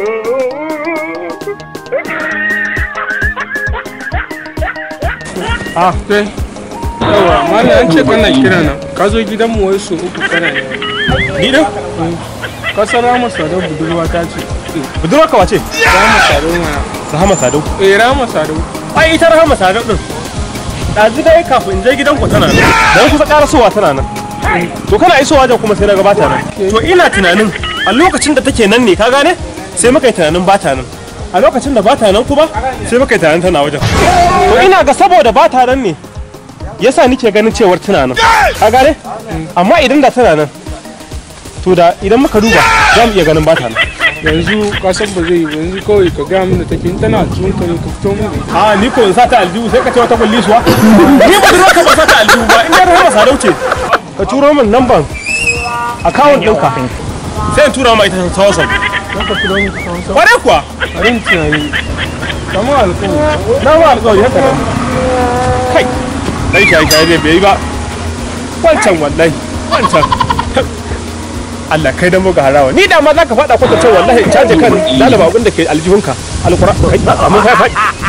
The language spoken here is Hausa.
a ah, kai yawa mala an ce kana kira na ka zo gidanmu wai su uku kana ne gidan eh. ka san rama sadau budurwa ta ce budurwa ka wace rama sadau mana rahama sadau eh rama sadau ai ita rahama sadau din ɗazu dai kafin in je gidan ku tana nan dan kusa karasowa tana nan to kana isowa jan kuma sai na gabata nan to ina tunanin a lokacin da take nan ne ka gane sai muka yi tunanin bata nan a lokacin da bata nan kuma sai muka yi tunanin tana wajen to ina ga saboda bata nan ne yasa nike ganin cewar tana nan a gane amma idan da tana nan to da idan muka duba za mu iya ganin bata nan yanzu kasan ba zai yanzu kawai ka gaya mana take tana cikin ka ne ka fito mu a ni ko in sa ta aljihu sai ka ce wata kullisuwa ni ba duk ka sa ta aljihu ba in da ba sadauce ka turo min lamban account ɗinka sai in tura ma ita ta wasan na tafi don hausa kuwa kai dai shayi shayi ne bai yi ba wancan wallahi wancan Allah kai dan muka harawa ni da ma zaka faɗa kwata cewa wallahi in caje kan lalaba da ke aljihunka kai amma fa